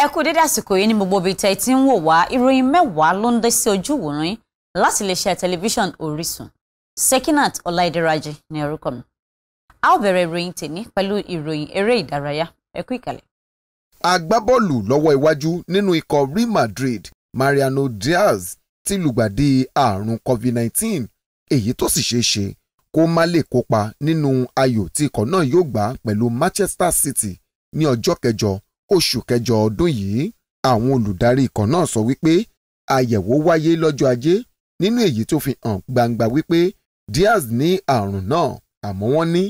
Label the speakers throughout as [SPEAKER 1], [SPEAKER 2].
[SPEAKER 1] ẹ kú dédé àsìkò yìí ní gbogbo ibi tẹ́ ti ń wò wá ìròyìn mẹ́wàá ló ń dé sí ojú wòran láti iléeṣẹ́ tẹlifíṣàn Orísun Sekinat Ọláìdíraji ní orúkọ mi a ó bẹ̀rẹ̀ ìròyìn tèmi pẹ̀lú ìròyìn eré ìdárayá ẹ kú ìkàlẹ̀.
[SPEAKER 2] agbábọ́ọ̀lù lọ́wọ́ iwájú nínú ikọ̀ Real Madrid Mariano Diaz ti lùgbàdì àrùn COVID-19 èyí tó sì ṣeé ṣe kó má lè kópa nínú ayò tí ikọ̀ náà yóò gbá pẹ̀lú Manchester City ní ọjọ́ kẹjọ oṣù kẹjọ ọdún yìí àwọn olùdarí ikọ̀ náà sọ wípé àyẹ̀wò wáyé lọ́jọ́ ajé nínú èyí tó fi hàn gbangba wípé Díaz ní àrùn náà àmọ́ wọ́n ní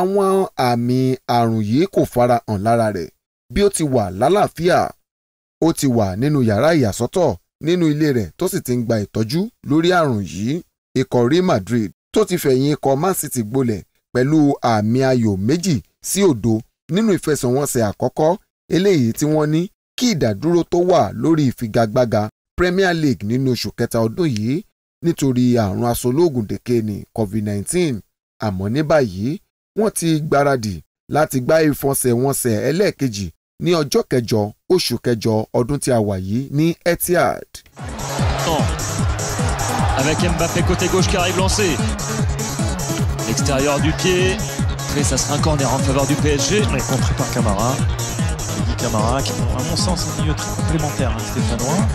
[SPEAKER 2] àwọn àmì àrùn yìí kò fara hàn lára rẹ̀ bí ó ti wà lálàáfíà ó ti wà nínú yàrá ìyàsọ́tọ̀ nínú ilé rẹ̀ tó sì ti ń gba ìtọ́jú lórí àrùn yìí ikọ̀ Real Madrid tó ti fẹ̀yìn ikọ̀ Man City gbolẹ̀ pẹ̀lú àmì ayò méjì sí òdo nínú ìfẹsẹ̀wọnsẹ̀ àkọ́kọ́ eléyìí tí wọ́n ní kí ìdádúró tó wà lórí ìfigagbága Premier League nínú oṣù kẹta ọdún yìí nítorí àrùn asológùndèké ní COVID-19 àmọ́ ní báyìí wọ́n ti gbáradì láti gbá ìfọsẹ̀wọnsẹ̀ ẹlẹ́ẹ̀kejì ní ọjọ́ kẹjọ oṣù kẹjọ ọdún tí a wà yìí ní Etihad. Avec Mbappé côté gauche qui arrive lancé. L'extérieur du pied. Après, ça sera un corner en faveur du PSG. Mais contré par Camara. Camara, qui à mon sens un milieu très complémentaire hein, Stéphanois.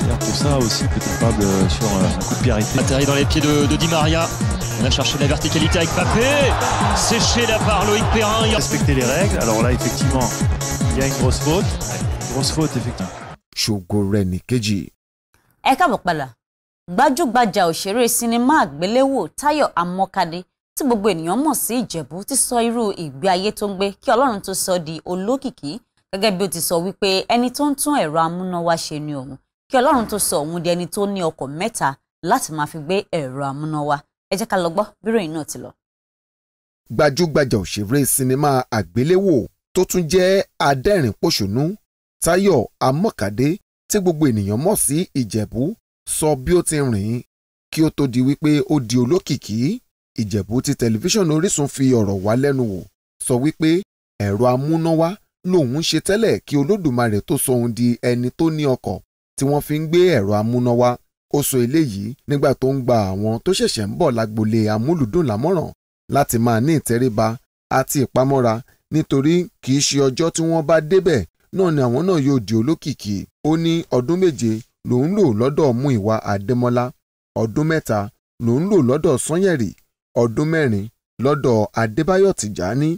[SPEAKER 2] D'ailleurs pour ça
[SPEAKER 1] aussi peut être pas de,
[SPEAKER 2] sur euh, un coup de pierre arrêté. Atterri dans les pieds de, de Di Maria. On a cherché la verticalité avec Papé.
[SPEAKER 1] Séché la part Loïc Perrin. Il... Respecter les règles.
[SPEAKER 2] Alors là effectivement, il y a une grosse faute. grosse faute effectivement. Ṣògorẹ̀nì kejì.
[SPEAKER 1] Ẹ káàbọ̀ padà gbajúgbajà òṣèré sinimá àgbéléwò Táyọ̀ Amọ́kadé tí gbogbo ènìyàn mọ̀ sí Ìjẹ̀bú ti sọ irú ìgbé ayé tó ń gbé kí Ọlọ́run tó sọ di olókìkí gẹ́gẹ́ bí ó ti sọ wípé ẹni tó ń tún ẹ̀rọ amúnáwá ṣe ni òun kí ọlọ́run tó sọ òun di ẹni tó ní ọkọ̀ mẹ́ta láti máa fi gbé ẹ̀rọ amúnáwá ẹ jẹ́ ká lọ gbọ́ bíròyìn náà ti lọ.
[SPEAKER 2] gbajúgbajà òṣèré sinimá àgbéléwò tó tún jẹ́ adẹ́rìn-pọ̀ṣónú Táyọ̀ Amọ́kàdé tí gbogbo ènìyàn mọ̀ sí Ìjẹ̀bú sọ bí ó ti rìn kí ó tó di wípé ó di olókìkí Ìjẹ̀bú ti tẹlifíṣàn Orísun fi ọ̀rọ̀ wá lẹ́nu wò sọ wípé ẹ̀rọ amúnáwá lòun ṣe tẹ́lẹ̀ kí olódùmarè tó sọ òun di ẹni tó ní ọkọ̀ tí wọ́n fi ń gbé ẹ̀rọ amúnáwá ó sọ eléyìí nígbà tó ń gba àwọn tó ṣẹ̀ṣẹ̀ ń bọ̀ lágbolé amúlùdùn lámọ̀ràn láti máa ní ìtẹríba àti ìpamọ́ra nítorí kì í ṣe ọjọ́ tí wọ́n bá débẹ̀ náà ni àwọn náà yóò di olókìkí ó ní ọdún méje lòun lò lọ́dọ̀ Múyìwá Adémọ́lá ọdún mẹ́ta lòun lò lọ́dọ̀ Sanyẹ̀rì ọdún mẹ́rin lọ́dọ̀ Adébáyọ̀ Tìjání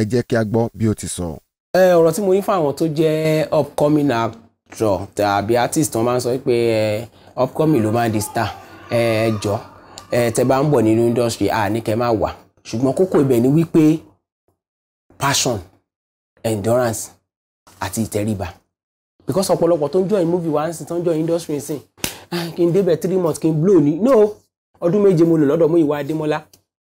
[SPEAKER 2] ẹ jẹ́ kí a gbọ́ bí ó ti sọ. So
[SPEAKER 3] ẹ ọ̀rọ̀ tí mo ní fún àwọn tó jẹ́ upcoming actor tàbí artist wọn máa ń sọ pé upcoming ló máa ń di star ẹ jọ ẹ tẹ bá ń bọ̀ nínú industry à ní kẹ́ máa wà ṣùgbọ́n kókó ibẹ̀ ni wípé passion endurance àti ìtẹríba because ọ̀pọ̀lọpọ̀ tó ń join movie wa ń sìn tó ń join industry sìn ah, kí n débẹ̀ three months kí n blow ni no ọdún méje mo lò lọ́dọ̀ Múyìwá Adémọ́lá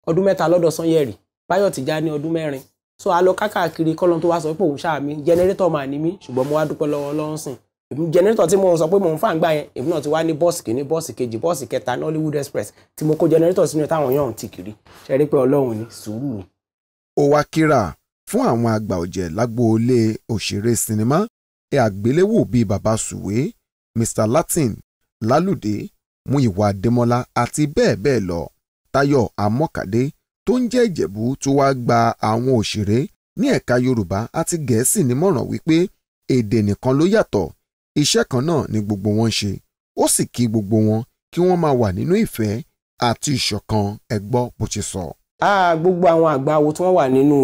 [SPEAKER 3] ọdún mẹ́ta lọ́dọ̀ Sanyẹ̀rì Báyọ̀ Tìjání ọdún mẹ́rin so a lọ kákàkiri kọ́lọ́n tó wá sọ pé òun ṣáà mi jẹnẹrétọ̀ mà ní mí ṣùgbọ́n mo wá dúpẹ́ lọ́wọ́ Ọlọ́run sìn èmi jẹnẹrétọ̀ tí mo sọ pé mò ń fà ń gbà yẹn èmi náà ti wá ní bọ́ọ̀sì kìíní bọ́ọ̀sì kejì bọ́ọ̀sì kẹta ní Hollywood Express tí mo kó jẹnẹrétọ̀ sínú táwọn yàn ti kiri ṣe rí pé Ọlọ́run ni sùúrù
[SPEAKER 2] ni. ó wá kíra fún àwọn àgbà ọ̀jẹ̀ lágboolé òṣèré sinimá ẹ àgbéléwò baba sùwé Mr Latin Lálùdé Múyìwá Adémọ́lá àti bẹ́ẹ̀ bẹ́ẹ̀ lọ tó ń jẹ́ ìjẹ̀bú tó wá gba àwọn òṣèré ní ẹ̀ka yorùbá àti gẹ̀ẹ́sì nímọ̀ràn wípé èdè nìkan ló yàtọ̀ iṣẹ́ kan náà ni gbogbo wọn ṣe ó sì kí gbogbo wọn kí wọ́n máa wà nínú ìfẹ́ àti ìṣọ̀kan ẹgbọ́ bó ti sọ.
[SPEAKER 3] gbogbo àwọn àgbà wo tí wọ́n wà nínú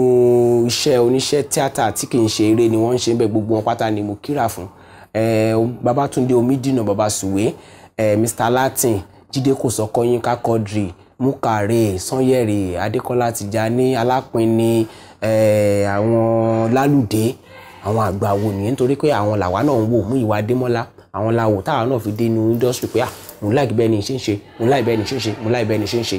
[SPEAKER 3] iṣẹ́ oníṣẹ́ tíátà tí kì í ṣe eré ni wọ́n ń ṣe ń bẹ gbogbo wọn pátá ni mo kíra fún Babátúndé Omídìnà Baba Mr Latin Jídé Kòsọ́kọ́ Yínká Quadri Mukare Sanyeri Adékọ́lá Tìjání Alápinni eh, àwọn Lálùdé àwọn àgbà wo nìyẹn nítorí pé àwọn làwa náà ń wò Múyìwá Adémọ́lá àwọn làwò táwa náà fi dé inú indọ́sítì pé à mo láì bẹ́ẹ̀ ni ṣe ń ṣe mo láì bẹ́ẹ̀ ni ṣe ń ṣe mo láì bẹ́ẹ̀ ni ṣe ń ṣe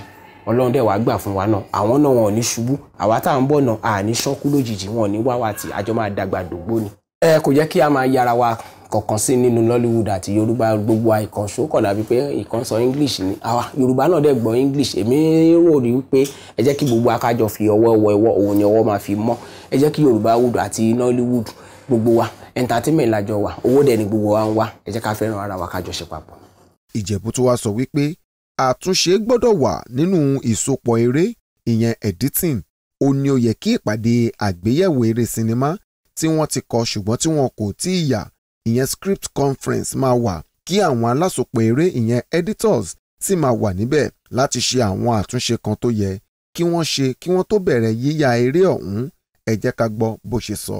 [SPEAKER 3] ọlọ́run dẹ̀ wá gbà fún wa náà àwọn náà wọn ò ní ṣubú àwa tá ń bọ̀ náà àní ṣánkú lójijì wọn ò ní wá wa tì àjọ máa dàgbà dògbó ni. ẹ kò jẹ́ kí a máa yára wa kankan sí nínú Nollywood àti Yorùbá gbogbo àìkàn ṣókàn dàbí pé ìkan sọ English ni àwa Yorùbá náà dẹ̀ gbọ́ English èmi rò rí pé ẹ jẹ́ kí gbogbo akájọ fi ọwọ́ wọ ẹwọ́ òun ni ọwọ́ máa fi mọ́ ẹ jẹ́ kí Yorùbá wood àti Nollywood gbogbo wa entertainment lájọ wa owó dẹ̀ ni gbogbo wa ń wá ẹ jẹ́ ká fẹ́ràn ara wa kájọ ṣe papọ̀.
[SPEAKER 2] Ìjẹ̀bú tó wá sọ wípé àtúnṣe gbọ́dọ̀ wà nínú ìsopọ̀ eré ìyẹn editing ó ní ó yẹ kí ìpàdé àgbéyẹ̀wò eré sinimá tí wọ́n ti kọ ṣùgbọ́n tí wọn kò tí ì yà ìyẹn script conference máa wà kí àwọn alásopọ̀ eré ìyẹn editors sì máa wà níbẹ̀ láti ṣe àwọn àtúnṣe kan tó yẹ kí wọ́n ṣe kí wọ́n tó bẹ̀rẹ̀ yíya eré ọ̀hún ẹ jẹ́ ká gbọ́ bó ṣe sọ.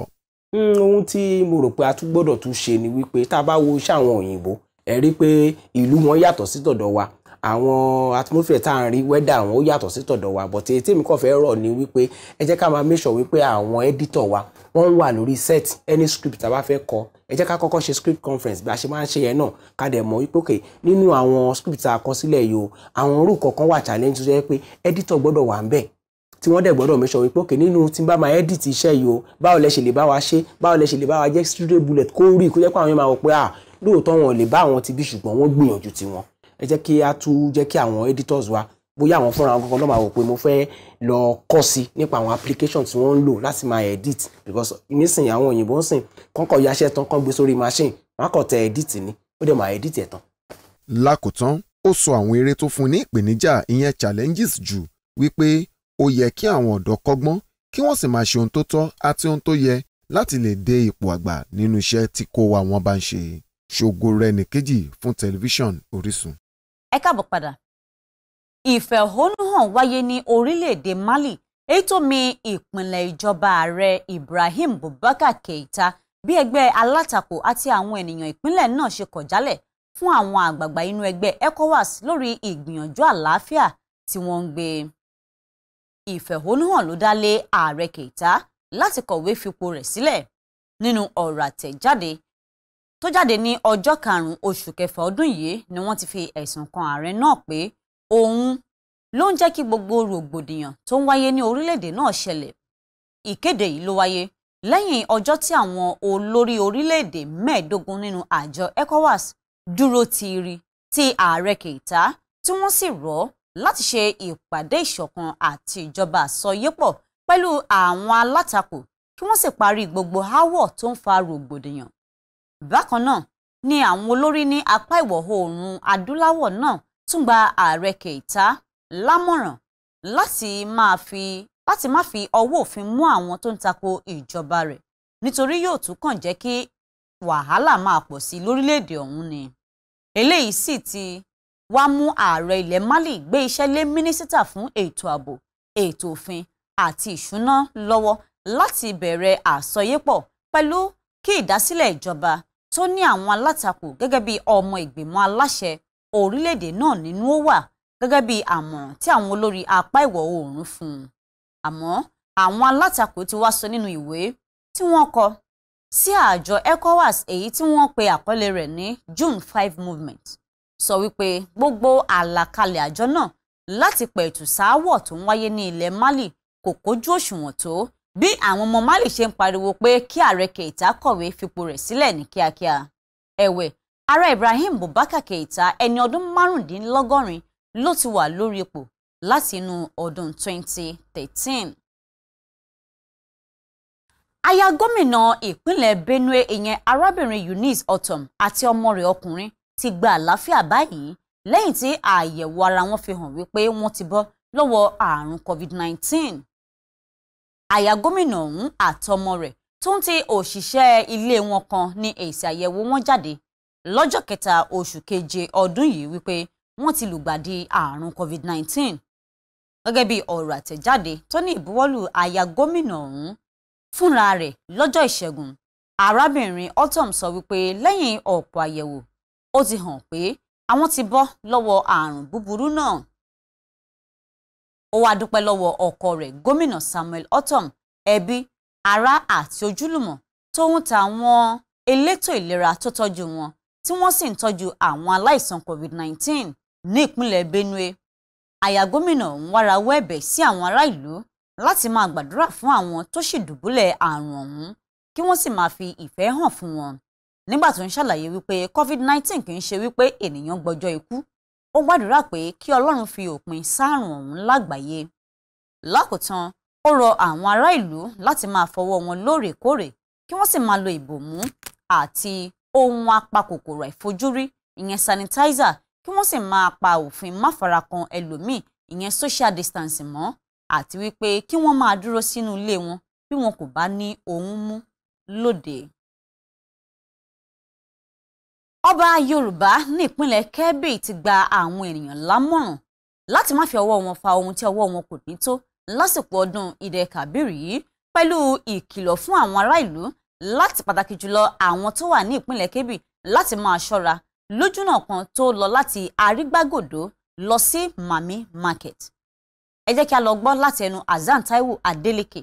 [SPEAKER 3] Hmm, ohun tí mo rò pé a tún gbọ́dọ̀ tún ṣe ni wípé tá a bá wo iṣẹ́ àwọn òyìnbó ẹ rí i pé ìlú wọn yàtọ̀ sí tọ̀dọ̀ wa àwọn atmosphere tá à ń rí weather àwọn ó yàtọ̀ sí tọ̀dọ̀ wa but èyí tèmi kàn fẹ́ rọ̀ ni wípé ẹ jẹ́ ká máa make sure wípé àwọn editor wa wọ́n wà lórí set any script tá a bá fẹ́ kọ ẹ jẹ́ ká kọ́kọ́ ṣe script conference bí a ṣe máa ń ṣe yẹn náà ká dẹ̀ mọ̀ wípé òkè nínú àwọn script tá a kọ sílẹ̀ yìí o àwọn orú kọ̀ọ̀kan wà challenge tó jẹ́ pé editor gbọ́dọ̀ wà ń bẹ̀ tí wọ́n dẹ̀ gbọ́dọ̀ mẹ́sọ̀ wípé òkè nínú tí n bá máa edit iṣẹ́ yìí o báwo lẹ ṣe lè bá wa ṣe báwo lẹ ṣe lè bá wa jẹ́ studio bullet kó rí kó jẹ́ pé àwọn yẹn máa wọ pé à ah, lóòótọ́ wọn ò lè bá àwọn ti bí ṣùgbọ́n wọ́n gbìyànjú tiwọn ẹ jẹ́ kí a tún jẹ́ kí àwọn editors wa bóyá àwọn fúnra kankan ló máa wò pé mo fẹ́ lọ kọ́ sí nípa àwọn application tí wọ́n ń lò láti máa edit because nísìnyí àwọn òyìnbó ń sìn kọ́kọ́ yaṣẹ́ tán kán gbé sórí machine wọn kàn tẹ edit ni ó dẹ̀ máa edit ẹ̀ tán.
[SPEAKER 2] lákòótán ó sọ àwọn eré tó fún ní ìpèníjà ìyẹn challenges jù wípé ó yẹ kí àwọn ọ̀dọ́ kọ́gbọ́n kí wọ́n sì máa ṣe ohun tó tọ́ àti ohun tó yẹ láti lè dé ipò àgbà nínú iṣẹ́ tí kò wá wọn bá ń ṣe ṣògo rẹ̀ nìkejì fún tẹlifíṣàn Orísun.
[SPEAKER 1] ẹ káàbọ̀ padà ìfẹ̀hónúhàn wáyé ní orílẹ̀-èdè Mali èyí tó mi ìpìnlẹ̀ ìjọba ààrẹ Ibrahim bubaka Keita bí ẹgbẹ́ alátakò àti àwọn ènìyàn ìpínlẹ̀ náà ṣe kọ̀ jálẹ̀ fún àwọn àgbààgbà inú ẹgbẹ́ ECOWAS lórí ìgbìyànjú àlàáfíà tí wọ́n ń gbé. ìfẹ̀hónúhàn ló dá lé ààrẹ Keita láti kọ̀wé fipò rẹ̀ sílẹ̀ nínú ọ̀rọ̀ àtẹ̀jáde tó jáde ní ọjọ́ karùn-ún oṣù kẹfà ọdún yìí ni wọ́n ti fi ẹ̀sùn kan ààrẹ náà pé òun ló ń jẹ́ kí gbogbo rògbòdìyàn tó ń wáyé ní orílẹ̀-èdè náà ṣẹlẹ̀ ìkéde yìí ló wáyé lẹ́yìn ọjọ́ tí àwọn olórí orílẹ̀-èdè mẹ́ẹ̀ẹ́dógún nínú àjọ ECOWAS dúró tiiri ti ààrẹ Keita tí wọ́n sì rọ̀ láti ṣe ìpàdé ìṣọ̀kan àti ìjọba àsọyépọ̀ pẹ̀lú àwọn alátakò kí wọ́n sì parí gbogbo aáwọ̀ tó ń fa rògbòdìyàn. bákan náà ni àwọn olórí ní apá ìwọ̀ oòrùn adúláwọ̀ náà tún gba ààrẹ Keita lámọ̀ràn láti máa fi láti má fi ọwọ́ òfin mú àwọn tó ń tako ìjọba rẹ̀ nítorí yóò tún kàn jẹ́ kí wàhálà máa pọ̀ sí lórílẹ̀‐èdè ọ̀hún ni eléyìí sì ti wá mú ààrẹ ilẹ̀ Mali gbé iṣẹ́ lé mínísítà fún ètò ààbò ètò òfin àti ìṣúná lọ́wọ́ láti bẹ̀rẹ̀ àsọyépọ̀ pẹ̀lú kí ìdásílẹ̀ ìjọba tó ní àwọn alátakò gẹ́gẹ́ bí ọmọ ìgbìmọ̀ aláṣẹ orílẹ̀-èdè náà nínú ó wà gẹ́gẹ́ bí àmọ̀ràn tí àwọn olórí apá ìwọ̀ oòrùn fún un àmọ́ àwọn alátakò ti wá sọ nínú ìwé tí wọ́n kọ sí àjọ ECOWAS èyí tí wọ́n pe àkọlé rẹ̀ ní June five movement sọ wípé gbogbo àlàkalẹ̀ àjọ náà láti pẹ̀tù sááwọ̀ tó ń wáyé ní ilẹ̀ Mali kò kójú òṣùwọ̀n tó bí àwọn ọmọ Mali ṣe ń pariwo pé kí ààrẹ Keita kọ̀wé fipò rẹ̀ sílẹ̀ ní kíákíá ẹ̀wẹ̀ Ara Ibrahim Boubacar Keita ẹni ọdún márùndínlọ́gọ́rin ló ti wà lórí ipò láti inú ọdún 2013. aya gómìnà ìpínlẹ̀ Benue ìyẹn arábìnrin Eunice Otom àti ọmọ rẹ̀ ọkùnrin ti gba àlàáfíà báyìí lẹ́yìn tí àyẹ̀wò ara wọn fi hàn wípé wọ́n ti bọ́ lọ́wọ́ ààrùn COVID-19. aya gómìnà ọ̀hún àtọmọ rẹ̀ tó ń ti òṣìṣẹ́ ilé wọn kan ní èsì àyẹ̀wò wọn jáde lọ́jọ́ kẹta oṣù keje ọdún yìí wípé wọ́n ti lùgbàdì àrùn covid-19 gẹ́gẹ́ bí ọ̀rọ̀ àtẹ̀jáde tó ní ìbuwọ́lù aya gómìnà ọ̀hún fúnra rẹ̀ lọ́jọ́ ìṣẹ́gun arábìnrin otom sọ wípé lẹ́yìn ọ̀pọ̀ àyẹ̀wò ó ti hàn pé àwọn ti bọ́ lọ́wọ́ àrùn búburú náà ó wá dúpẹ́ lọ́wọ́ ọkọ rẹ̀ gómìnà Samuel otom ẹbí ará àti ojúlùmọ̀ tó ń ta àwọn elétò ìlera tó tọ́jú wọn tí wọ́n sì ń tọ́jú àwọn aláìsàn COVID-19 ní ìpínlẹ̀ Benue àyà gómìnà ń wára wọ ẹ̀bẹ̀ sí àwọn ará ìlú láti máa gbàdúrà fún àwọn tó sì dùbúlẹ̀ àrùn ọ̀hún kí wọ́n sì máa fi ìfẹ́ hàn fún wọn nígbà tó ń ṣàlàyé wípé COVID-19 kì í ṣe wípé ènìyàn gbọ́jọ́ ikú ó gbàdúrà pé kí Ọlọ́run fi òpin sáàrùn ọ̀hún lágbàáyé lákòótán ó rọ àwọn ará ìlú láti máa fọwọ́ wọn lóòrèkóòrè kí wọ́n sì máa lo ìbòmú àti ohun apakòkòrò àìfojúrí ìyẹn sanitizer kí wọ́n sì máa pa òfin máfarakan ẹlòmíì ìyẹn social distancing mọ́ àti wípé kí wọ́n máa dúró sínú ilé wọn bí wọn kò bá ní ohun mú lóde. ọba yorùbá ní ìpínlẹ̀ kebbi ti gba àwọn ènìyàn lámọ̀ràn láti má fi ọwọ́ wọn fa ohun tí ọwọ́ wọn kò ní tó lásìkò ọdún ìdẹ yìí pẹ̀lú ìkìlọ̀ fún àwọn ará láti pàtàkì jùlọ àwọn tó wà ní ìpínlẹ̀ Kebbi láti máa ṣọ́ra lójúnà kan tó lọ láti Arígbágòdó lọ sí Mami Market ẹ jẹ́ kí a lọ gbọ́ láti ẹnu Hasan Taiwo Adeleke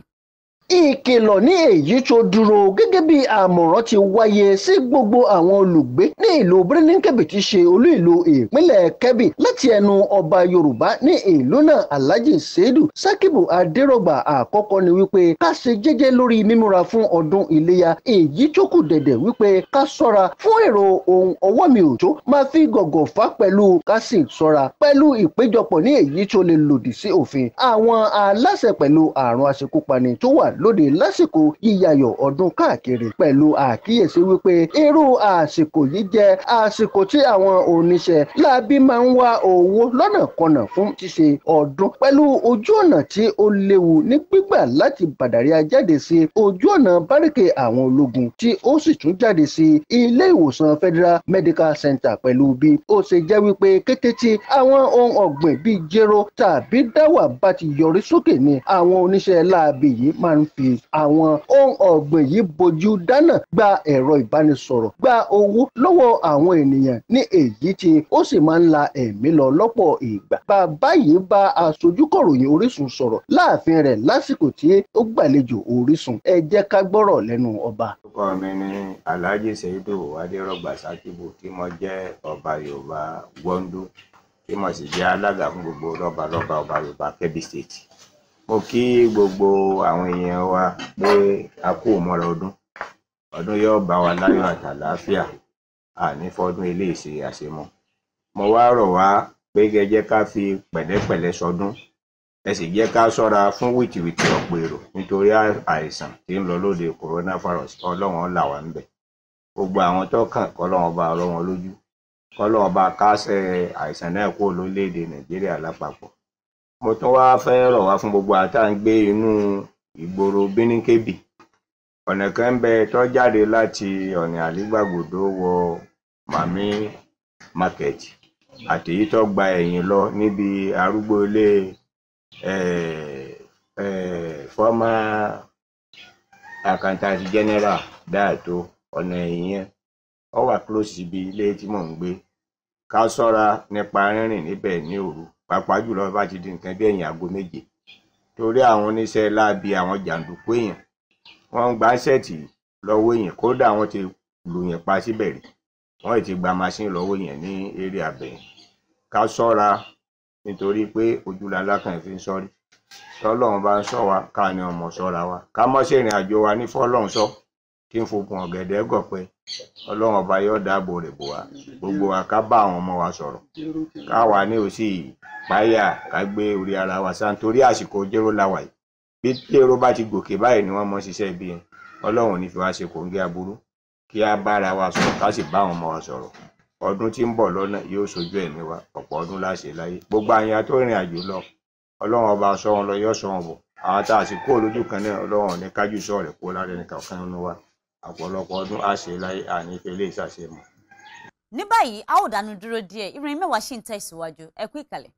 [SPEAKER 4] ìkìlọ̀ ní èyí tó dúró gẹ́gẹ́ bí àmọ̀ràn ti wáyé sí gbogbo àwọn olùgbé ní ìlú Birnin Kebbi ti ṣe olú ìlú ìpínlẹ̀ Kebbi láti ẹnu ọba Yorùbá ní ìlú náà Alhaji Seidu Sakibu Aderogba àkọ́kọ́ ni wípé ká ṣe jẹ́jẹ́ lórí mímúra fún ọdún iléyà èyí tó kù dẹ̀dẹ̀ wípé ká ṣọ́ra fún èrò ohun ọwọ́ mi ò tó máa fi gọ̀gọ̀ fà pẹ̀lú ká sì ṣọ́ra pẹ̀lú ìpéjọpọ̀ ní èyí tó lè lòdì sí òfin àwọn aláṣẹ pẹ̀lú àrùn aṣekúpani tó wà lóde lásìkò yíyayọ̀ ọdún káàkiri pẹ̀lú àkíyèsí wípé irú àsìkò yìí jẹ́ àsìkò tí àwọn oníṣẹ́ láabi máa ń wá owó lọ́nàkọnà fún ṣíṣe ọdún pẹ̀lú ojú ọ̀nà tí ó léwu ní gbígbà láti Bàdárí ajáde sí ojú ọ̀nà báríkè àwọn ológun tí ó sì tún jáde sí ilé ìwòsàn Federal Medical Center pẹ̀lú bí ó ṣe jẹ́ wípé kété tí àwọn ohun ọ̀gbìn bíi jéró tàbí dáwà bá ti yọrí sókè ni àwọn oníṣẹ́ láabi yìí máa ń ń fi àwọn ohun ọ̀gbìn yìí bojú dáná gba ẹ̀rọ ìbánisọ̀rọ̀ gba owó lọ́wọ́ àwọn ènìyàn ní èyí tí ó sì máa ń la ẹ̀mí lọ lọ́pọ̀ ìgbà. bàbá yìí bá aṣojú kọ̀ròyìn Orísun sọ̀rọ̀ láàfin rẹ̀ lásìkò tí ó gbàlejò Orísun ẹ jẹ́ ká gbọ́rọ̀ lẹ́nu ọba.
[SPEAKER 5] orúkọ mi ni Alhaji Seidu Adérọ̀gbà Sakibu tí mo jẹ́ ọba Yorùbá Gwandu tí mo sì jẹ́ alága fún gbogbo lọ́balọ́ba ọba Yorùbá Kebbi State mo kí gbogbo àwọn èèyàn wa pé a kú mọ́ra ọdún ọdún yóò bá wa láyọ̀ àtàlàáfíà àní fọdún eléyìí ṣe àṣemọ mo wá rọ̀ wá pé kẹ́ jẹ́ ká fi pẹ̀lẹ́pẹ̀lẹ́ sọdún ẹ sì jẹ́ ká ṣọ́ra fún wìtìwìtì ọ̀pọ̀ èrò nítorí àìsàn tí ń lọ lóde coronavirus ọlọ́run là wá ń bẹ̀ gbogbo àwọn tó kàn kọ́lọ́run bá ọlọ́run lójú kọ́lọ́run bá kásẹ̀ àìsàn náà kúrò lórílẹ̀‐èdè nàìjíríà lápapọ̀ mo tún wá fẹ́ rọ̀ wá fún gbogbo àtà ń gbé inú ìgboro Bíníkébì ọ̀nà kan ń bẹ tó jáde láti ọ̀nà Àlígbàgòdó wọ mami market àtèyí tó gba ẹ̀yìn lọ níbi arúgbó ilé former accountant general Dáàtó ọ̀nà ìyẹn ọ wà close síbi ilé tí mò ń gbé ká ṣọ́ra nípa rínrìn níbẹ̀ ní òru pàápàá jùlọ bá ti di nǹkan bí ẹ̀yìn aago méje torí àwọn oníṣẹ́ láabi àwọn jàǹdùkú èèyàn wọ́n ń gba ṣẹ́ẹ̀tì lọ́wọ́ èèyàn kódà wọ́n ti lùyàn pa síbẹ̀ rí wọ́n ti gba masin lọ́wọ́ èèyàn ní eré abẹ́yẹn ká ṣọ́ra nítorí pé ojúlala kan fi ń sọ́rí tọ́lọ́run bá ń sọ wa ká ní ọmọ ṣọ́ra wa ká mọ́ ṣèrìn àjò wa ní fọ́lọ́run sọ tí ń fokùn ọ̀gẹ̀dẹ̀ gọ̀pẹ́ ọlọ́run ọba yóò dáàbò rẹ̀ bò wá gbogbo wa ká bá àwọn ọmọ wa sọ̀rọ̀ káwa ní òsì páyà ká gbé orí ara wa sáà nítorí àsìkò jéró làwà yìí bí jéró bá ti gòkè báyìí ni wọ́n mọ ṣiṣẹ́ ibi yẹn ọlọ́run ní fi wá ṣe kòńgẹ́ aburú kí a bára wa sọ̀rọ̀ ká sì bá àwọn ọmọ wa sọ̀rọ̀ ọdún tí ń bọ̀ lọ́nà yóò ṣojú ẹ̀mí wa ọ̀pọ̀ ọdún láṣẹ láyé gbogbo àyà tó rìn àjò lọ ọlọ́run ọba sọ wọn lọ yóò sọ wọn bọ̀ àwọn tá a sì kó olójú kan náà ọlọ́run ní kájú sọ̀rọ̀ kó lára ẹnì kankan nínú wa ọ̀pọ̀lọpọ̀ ọdún á ṣe láyé àní fi eléyìí ṣàṣemọ̀.
[SPEAKER 1] ní báyìí a ó dánu dúró díẹ̀ ìròyìn mẹ́wàá ṣì ń tẹ̀síwájú ẹ kú ìkàlẹ̀.